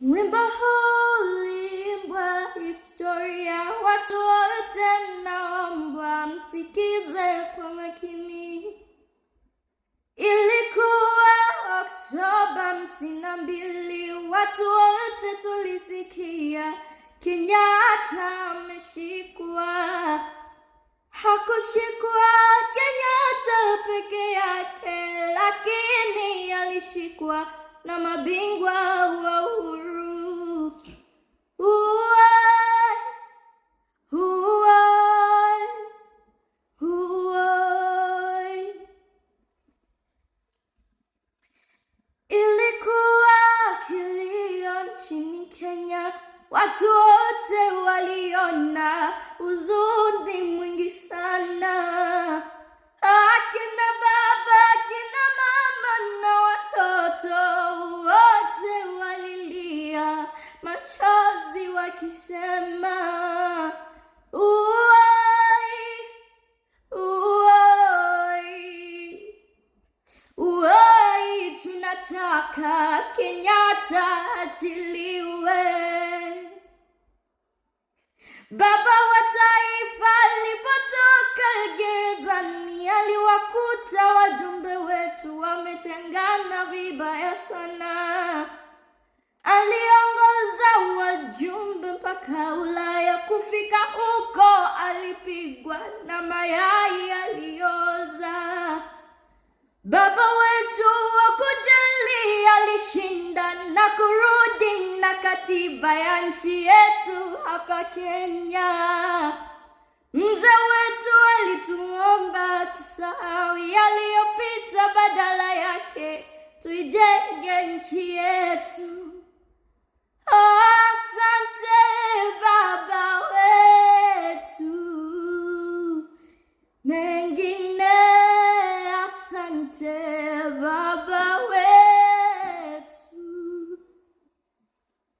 Wimbo huu historia, watu wote naomba msikize kwa makini. Ilikuwa Oktoba hamsini na mbili, watu wote tulisikia Kenyatta ameshikwa. Hakushikwa Kenyatta peke yake, lakini alishikwa na mabingwa Kenya, watu wote waliona uzuni mwingi sana. Akina baba, akina mama na watoto wote walilia machozi wakisema Nataka Kenyatta achiliwe. Baba wa taifa alipotoka gerezani, aliwakuta wajumbe wetu wametengana vibaya sana. Aliongoza wajumbe mpaka Ulaya, kufika huko alipigwa na mayai alioza. Baba wetu wa kurudi na katiba ya nchi yetu hapa Kenya. Mzee wetu alituomba tusahau yaliyopita, badala yake tuijenge nchi yetu. Asante baba wetu, mengine asante.